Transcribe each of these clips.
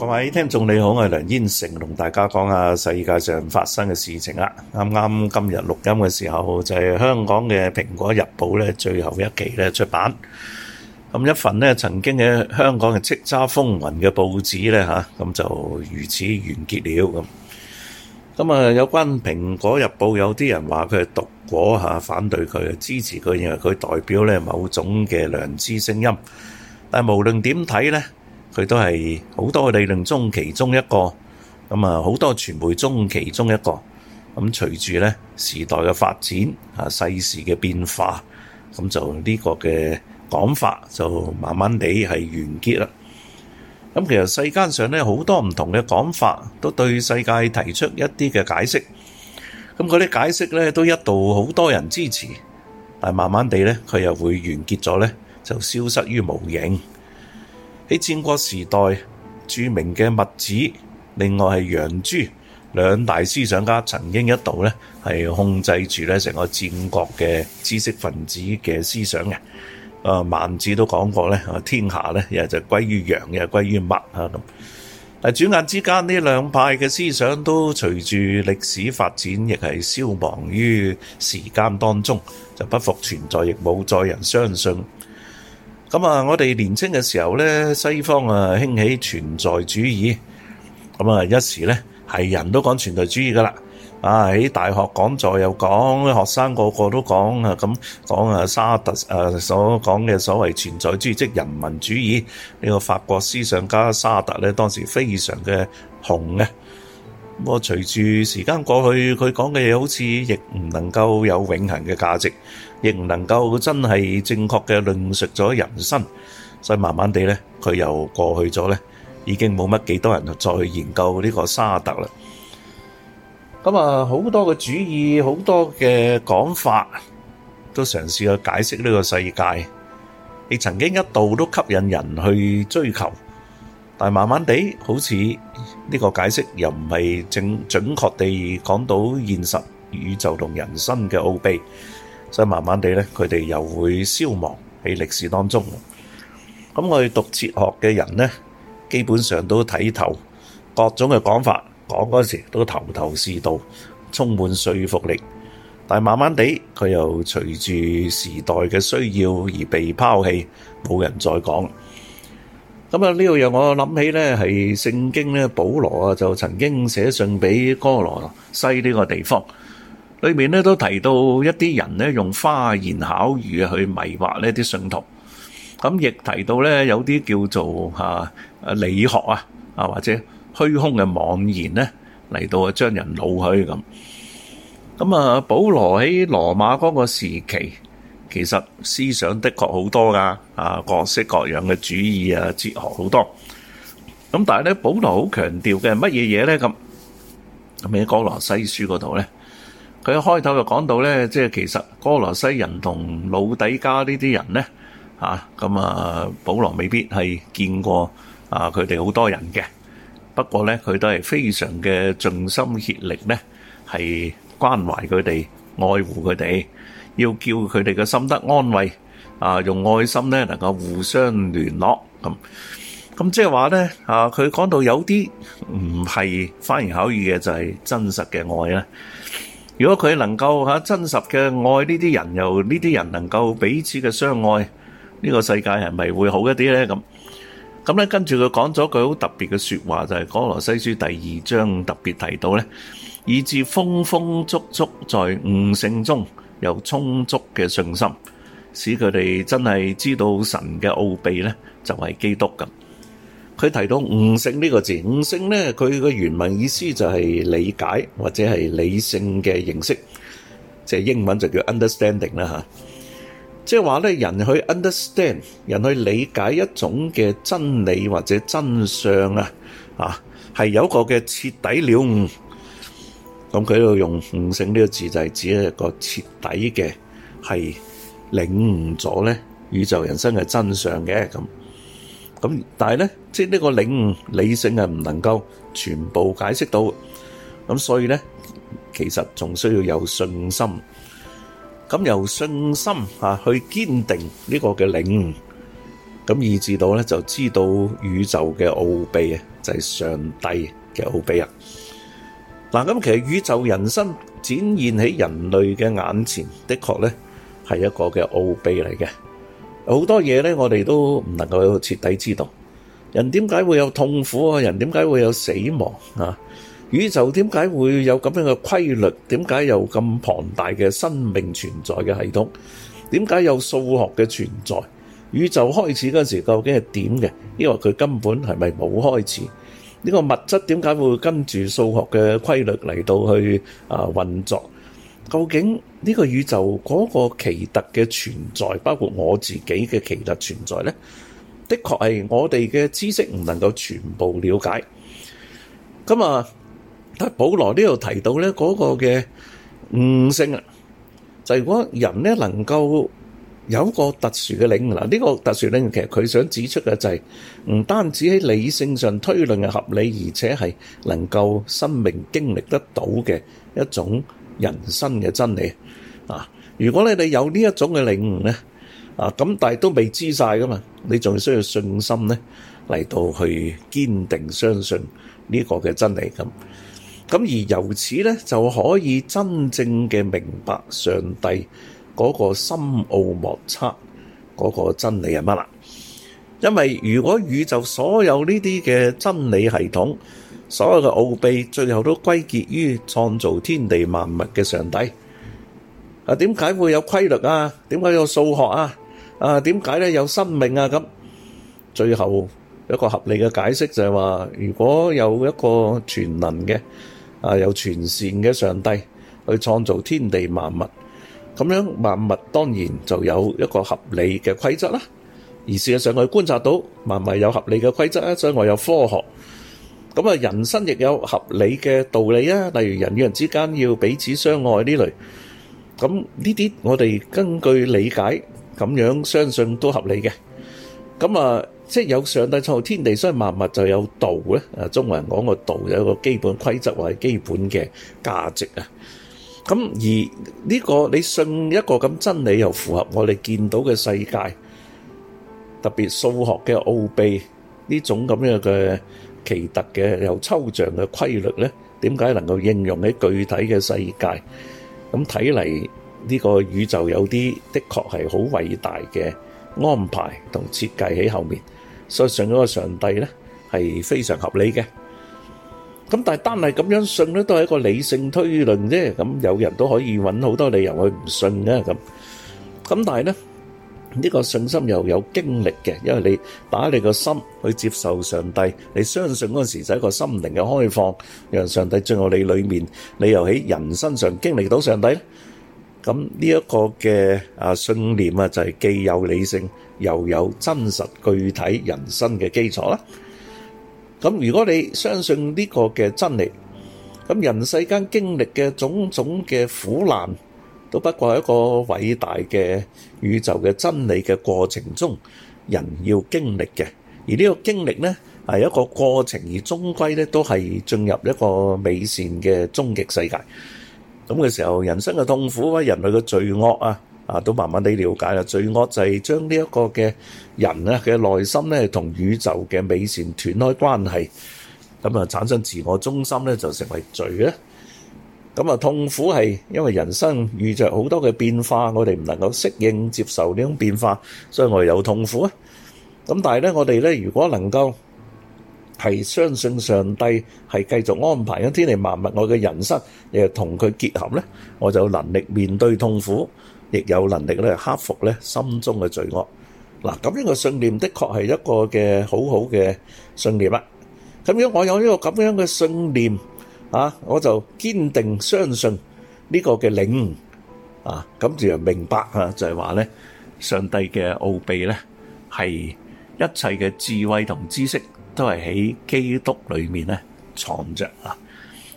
各位聽眾你好，我係梁燕城，同大家講下世界上發生嘅事情啦。啱啱今日錄音嘅時候，就係香港嘅《蘋果日報》咧最後一期咧出版，咁一份咧曾經嘅香港嘅叱咤風雲嘅報紙咧吓，咁就如此完結了咁。咁啊，有關《蘋果日報》，有啲人話佢係毒果吓，反對佢，支持佢，認為佢代表咧某種嘅良知聲音。但係無論點睇咧。佢都係好多理論中其中一個，咁啊，好多傳媒中其中一個，咁隨住咧時代嘅發展啊，世事嘅變化，咁就呢個嘅講法就慢慢地係完結啦。咁其實世間上咧好多唔同嘅講法，都對世界提出一啲嘅解釋。咁嗰啲解釋咧都一度好多人支持，但慢慢地咧佢又會完結咗咧，就消失於無形。喺戰國時代，著名嘅墨子，另外係楊朱兩大思想家，曾經一度咧係控制住咧成個戰國嘅知識分子嘅思想嘅。啊，孟子都講過咧，天下咧又就歸於楊，又歸於墨啊咁。但轉眼之間，呢兩派嘅思想都隨住歷史發展，亦係消亡於時間當中，就不復存在，亦冇再人相信。咁啊，我哋年青嘅時候咧，西方啊興起存在主義，咁啊一時咧係人都講存在主義噶啦，啊喺大學講座又講，學生個個都講啊，咁講啊沙特啊所講嘅所謂存在主義，即人民主義，呢個法國思想家沙特咧，當時非常嘅紅嘅。咁隨住時間過去，佢講嘅嘢，好似亦唔能夠有永恆嘅價值，亦唔能夠真係正確嘅論述咗人生，所以慢慢地咧，佢又過去咗咧，已經冇乜幾多人再去研究呢個沙特啦。咁啊，好多嘅主意，好多嘅講法，都嘗試去解釋呢個世界，亦曾經一度都吸引人去追求，但係慢慢地好似。呢個解釋又唔係正準確地講到現實宇宙同人生嘅奧秘，所以慢慢地咧，佢哋又會消亡喺歷史當中。咁我哋讀哲學嘅人呢，基本上都睇透各種嘅講法，講嗰時都頭頭是道，充滿說服力。但慢慢地，佢又隨住時代嘅需要而被拋棄，冇人再講。咁啊！呢度讓我諗起咧，係聖經咧，保羅啊就曾經寫信俾哥羅西呢個地方，裏面咧都提到一啲人咧用花言巧語去迷惑呢啲信徒，咁亦提到咧有啲叫做吓、啊、理學啊啊或者虛空嘅妄言咧嚟到啊將人擄去咁，咁啊保羅喺羅馬嗰個時期。其實思想的確好多噶，啊，各式各樣嘅主義啊，哲學好多。咁但係咧，保羅好強調嘅係乜嘢嘢咧？咁咁喺《哥羅西書》嗰度咧，佢一開頭就講到咧，即係其實哥羅西人同老底加呢啲人咧，啊，咁啊，保羅未必係見過啊，佢哋好多人嘅。不過咧，佢都係非常嘅盡心竭力咧，係關懷佢哋，愛護佢哋。要叫佢哋嘅心得安慰啊，用愛心咧，能夠互相聯絡咁。咁即係話咧啊，佢講到有啲唔係花言巧語嘅，就係真實嘅愛咧。如果佢能夠吓真實嘅愛呢啲人，又呢啲人能夠彼此嘅相愛，呢個世界係咪會好一啲咧？咁咁咧，跟住佢講咗句好特別嘅說話，就係《歌羅西書》第二章特別提到咧，以致豐豐足足在悟性中。有充足嘅信心，使佢哋真係知道神嘅奧秘咧，就係、是、基督咁。佢提到悟性呢、這個字，悟性咧佢個原文意思就係理解或者係理性嘅認識，即係英文就叫 understanding 啦吓。即係話咧，人去 understand，人去理解一種嘅真理或者真相啊，啊係有一個嘅徹底了悟。咁佢度用悟性呢個字就係指一個徹底嘅係領悟咗咧宇宙人生嘅真相嘅咁，咁但係咧即係呢個領悟理性係唔能夠全部解釋到，咁所以咧其實仲需要有信心，咁由信心吓去堅定呢個嘅領悟，咁以至到咧就知道宇宙嘅奧秘啊，就係上帝嘅奧秘啊。嗱，咁其實宇宙人生展現喺人類嘅眼前，的確咧係一個嘅奧秘嚟嘅。好多嘢咧，我哋都唔能夠徹底知道。人點解會有痛苦啊？人點解會有死亡啊？宇宙點解會有咁樣嘅規律？點解有咁龐大嘅生命存在嘅系統？點解有數學嘅存在？宇宙開始嗰時究竟係點嘅？因為佢根本係咪冇開始？呢個物質點解會跟住數學嘅規律嚟到去啊運作？究竟呢個宇宙嗰個奇特嘅存在，包括我自己嘅奇特存在咧，的確係我哋嘅知識唔能夠全部了解。咁啊，但係保羅呢度提到咧嗰個嘅悟性啊，就係如果人咧能夠。有一個特殊嘅領悟啦，呢個特殊領悟其實佢想指出嘅就係唔單止喺理性上推論嘅合理，而且係能夠生命經歷得到嘅一種人生嘅真理啊！如果你哋有呢一種嘅領悟咧，啊咁，但係都未知晒㗎嘛，你仲需要信心咧嚟到去堅定相信呢個嘅真理咁，咁而由此咧就可以真正嘅明白上帝。嗰個深奧莫測，嗰個真理係乜啦？因為如果宇宙所有呢啲嘅真理系統，所有嘅奧秘，最後都歸結於創造天地萬物嘅上帝。啊，點解會有規律啊？點解有數學啊？啊，點解咧有生命啊？咁最後一個合理嘅解釋就係話，如果有一個全能嘅，啊，有全善嘅上帝去創造天地萬物。咁樣萬物當然就有一個合理嘅規則啦，而事實上我哋觀察到萬物有合理嘅規則啦，所以我有科學。咁啊，人生亦有合理嘅道理啊，例如人與人之間要彼此相愛呢類。咁呢啲我哋根據理解咁樣相信都合理嘅。咁啊，即係有上帝創造天地，所以萬物就有道咧。啊，中國人講個道有一個基本規則或者基本嘅價值啊。咁而呢個你信一個咁真理又符合我哋見到嘅世界，特別數學嘅奧秘，呢種咁樣嘅奇特嘅又抽象嘅規律咧，點解能夠應用喺具體嘅世界？咁睇嚟，呢個宇宙有啲的確係好偉大嘅安排同設計喺後面，所以信嗰個上帝咧係非常合理嘅。咁但係單係咁樣信咧，都係一個理性推論啫。咁有人都可以搵好多理由去唔信嘅咁。咁但係咧，呢個信心又有經歷嘅，因為你打你個心去接受上帝，你相信嗰陣時就係一個心靈嘅開放，讓上帝進入你裏面，你又喺人身上經歷到上帝。咁呢一個嘅啊信念啊，就係既有理性，又有真實具體人生嘅基礎啦。咁如果你相信呢個嘅真理，咁人世間經歷嘅種種嘅苦難，都不過係一個偉大嘅宇宙嘅真理嘅過程中，人要經歷嘅。而呢個經歷咧係一個過程而終歸，而終歸咧都係進入一個美善嘅終極世界。咁嘅時候，人生嘅痛苦啊，人類嘅罪惡啊。啊，都慢慢地瞭解啦。罪惡就係將呢一個嘅人咧嘅內心咧，同宇宙嘅美善斷開關係，咁啊產生自我中心咧，就成為罪咧。咁啊痛苦係因為人生遇著好多嘅變化，我哋唔能夠適應接受呢種變化，所以我哋有痛苦啊。咁但係咧，我哋咧如果能夠，係相信上帝係繼續安排緊天地萬物，我嘅人生亦係同佢結合咧，我就有能力面對痛苦，亦有能力咧克服咧心中嘅罪惡。嗱，咁樣嘅信念的確係一個嘅好好嘅信念啊！咁如果我有呢個咁樣嘅信念啊，我就堅定相信呢個嘅領悟啊，咁就明白啊，就係話咧，上帝嘅奧秘咧係一切嘅智慧同知識。都係喺基督裏面咧藏着啊，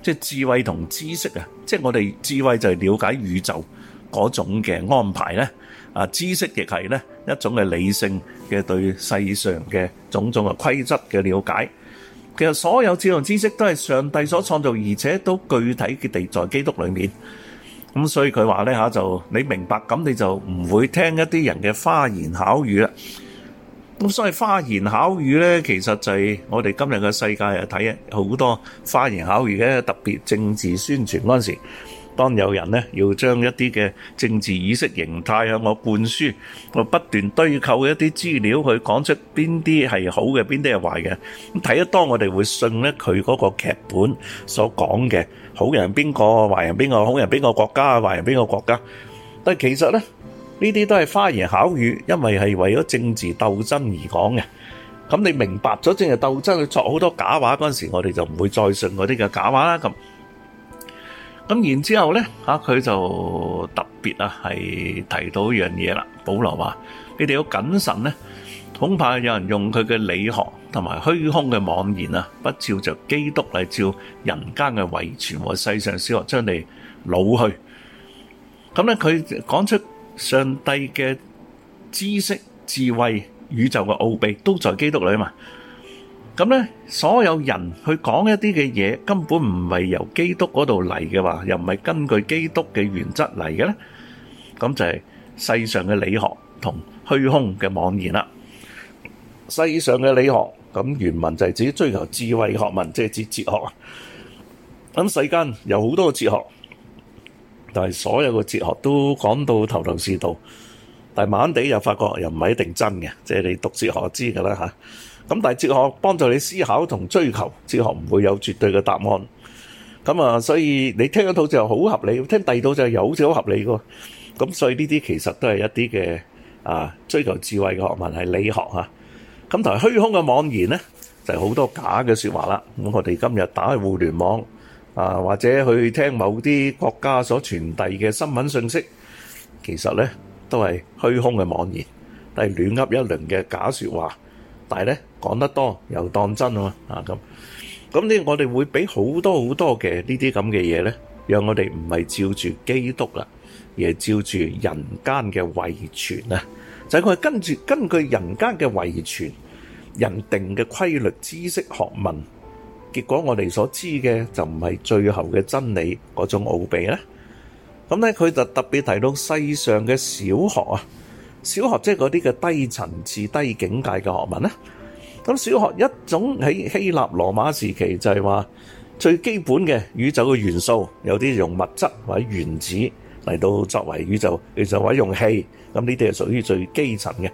即係智慧同知識啊，即係我哋智慧就係了解宇宙嗰種嘅安排咧，啊知識亦係咧一種嘅理性嘅，對世上嘅種種嘅規則嘅了解。其實所有智慧同知識都係上帝所創造，而且都具體嘅地在基督裏面。咁所以佢話咧吓，就你明白咁，你就唔會聽一啲人嘅花言巧語啦。咁所以花言巧語咧，其實就係我哋今日嘅世界啊，睇好多花言巧語嘅，特別政治宣傳嗰陣時，當有人咧要將一啲嘅政治意識形態向我灌輸，我不斷堆構一啲資料去講出邊啲係好嘅，邊啲係壞嘅。咁睇得多，我哋會信咧佢嗰個劇本所講嘅好人邊個，壞人邊個，好人邊個國家，壞人邊個國家。但係其實咧。呢啲都係花言巧語，因為係為咗政治鬥爭而講嘅。咁你明白咗政治鬥爭，佢作好多假話嗰陣時，我哋就唔會再信嗰啲嘅假話啦。咁咁然之後呢，嚇佢就特別啊，係提到一樣嘢啦。保羅話：你哋要謹慎呢，恐怕有人用佢嘅理學同埋虛空嘅妄言啊，不照着基督嚟、啊、照人間嘅遺傳和世上小學將你老去。咁咧，佢講出。上帝嘅知識、智慧、宇宙嘅奧秘都在基督裏啊嘛！咁咧，所有人去講一啲嘅嘢，根本唔係由基督嗰度嚟嘅話，又唔係根據基督嘅原則嚟嘅咧，咁就係世上嘅理學同虛空嘅妄言啦。世上嘅理學，咁原文就係指追求智慧學問，即係指哲學。咁世間有好多嘅哲學。但係所有嘅哲學都講到頭頭是道，但係慢慢地又發覺又唔係一定真嘅，即係你讀哲學知噶啦吓。咁但係哲學幫助你思考同追求，哲學唔會有絕對嘅答案。咁啊，所以你聽一套就係好合理，聽第二套就係又好似好合理噶。咁所以呢啲其實都係一啲嘅啊，追求智慧嘅學問係理學吓。咁同埋虛空嘅妄言咧，就係好多假嘅說話啦。咁我哋今日打開互聯網。啊，或者去聽某啲國家所傳遞嘅新聞信息，其實咧都係虛空嘅妄言，都係亂噏一輪嘅假説話。但係咧，講得多又當真啊嘛，啊咁。咁呢，我哋會俾好多好多嘅呢啲咁嘅嘢咧，讓我哋唔係照住基督啦，而係照住人間嘅遺傳啊，就係佢係跟住根據人間嘅遺傳、人定嘅規律、知識學問。結果我哋所知嘅就唔係最後嘅真理嗰種奧秘咧，咁咧佢就特別提到世上嘅小學啊，小學即係嗰啲嘅低層次、低境界嘅學問咧。咁小學一種喺希臘羅馬時期就係話最基本嘅宇宙嘅元素，有啲用物質或者原子。嚟到作為宇宙，其實話用氣，咁呢啲係屬於最基層嘅。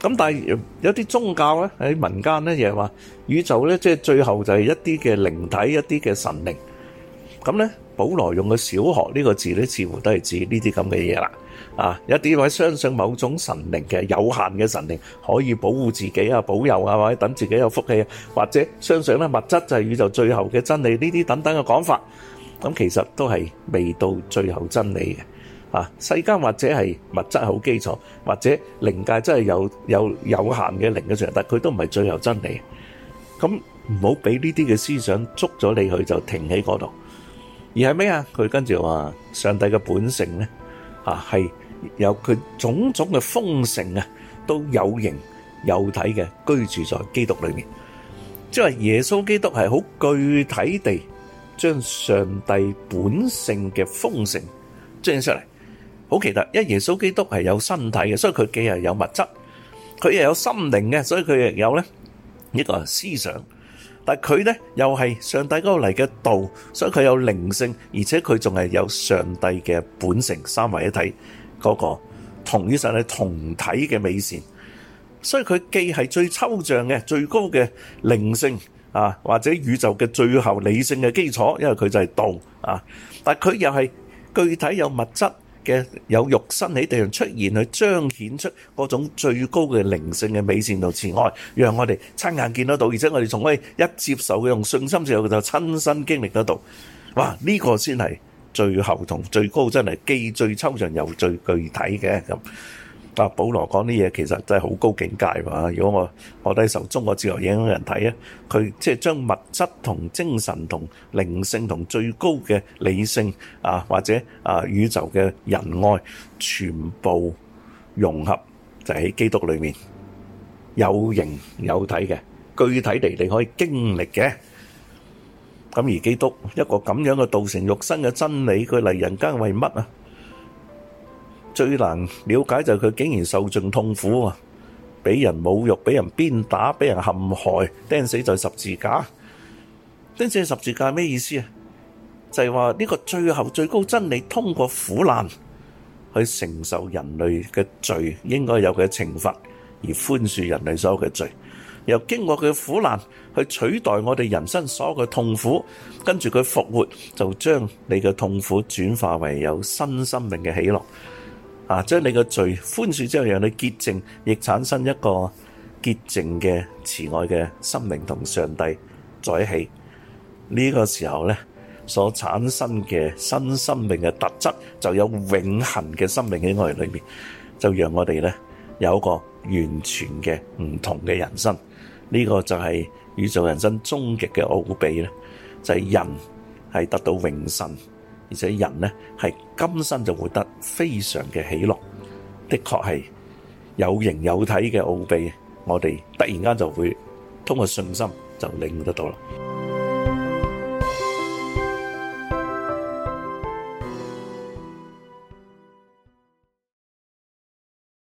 咁但係有啲宗教咧，喺民間咧，又係話宇宙咧，即係最後就係一啲嘅靈體，一啲嘅神靈。咁咧，保羅用嘅小學呢個字咧，似乎都係指呢啲咁嘅嘢啦。啊，有啲話相信某種神靈嘅有限嘅神靈，可以保護自己啊，保佑啊，或者等自己有福氣啊，或者相信咧物質就係宇宙最後嘅真理，呢啲等等嘅講法，咁其實都係未到最後真理嘅。啊！世間或者係物質係好基礎，或者靈界真係有有有限嘅靈嘅存在，但佢都唔係最後真理。咁唔好俾呢啲嘅思想捉咗你去，就停喺嗰度。而係咩啊？佢跟住話：上帝嘅本性咧，啊係有佢種種嘅豐盛啊，都有形有體嘅居住在基督裏面。即係話耶穌基督係好具體地將上帝本性嘅豐盛將出嚟。好奇特，因耶穌基督係有身體嘅，所以佢既係有物質，佢又有心靈嘅，所以佢又有咧呢個思想。但佢咧又係上帝嗰度嚟嘅道，所以佢有靈性，而且佢仲係有上帝嘅本性，三位一體嗰個，同於上帝係同體嘅美善，所以佢既係最抽象嘅最高嘅靈性啊，或者宇宙嘅最後理性嘅基礎，因為佢就係道啊。但佢又係具體有物質。嘅有肉身喺地上出現，去彰顯出嗰種最高嘅靈性嘅美善同慈愛，讓我哋親眼見得到，而且我哋仲可以一接受用信心就有，就親身經歷得到。哇！呢個先係最後同最高，真係既最抽象又最具體嘅咁。啊！保羅講啲嘢其實真係好高境界㗎嘛！如果我我哋受中國自由影響嘅人睇咧，佢即係將物質同精神同靈性同最高嘅理性啊，或者啊宇宙嘅仁愛全部融合，就喺基督裏面有形有體嘅，具體地你可以經歷嘅。咁而基督一個咁樣嘅道成肉身嘅真理，佢嚟人間為乜啊？最難了解就係佢竟然受盡痛苦啊！俾人侮辱，俾人鞭打，俾人陷害，釘死在十字架。釘死喺十字架咩意思啊？就係話呢個最後最高真理，通過苦難去承受人類嘅罪應該有佢嘅懲罰，而寬恕人類所有嘅罪，又經過佢苦難去取代我哋人生所有嘅痛苦，跟住佢復活，就將你嘅痛苦轉化為有新生命嘅喜樂。啊！將你嘅罪寬恕之後，讓你潔淨，亦產生一個潔淨嘅慈愛嘅心靈，同上帝在一起。呢、這個時候咧，所產生嘅新生命嘅特質，就有永恆嘅生命喺我哋裏面。就讓我哋咧有一個完全嘅唔同嘅人生。呢、這個就係宇宙人生終極嘅奧秘咧，就係、是、人係得到永生。而且人呢係今生就活得非常嘅喜樂，的確係有形有體嘅奧秘，我哋突然間就會通過信心就領得到啦。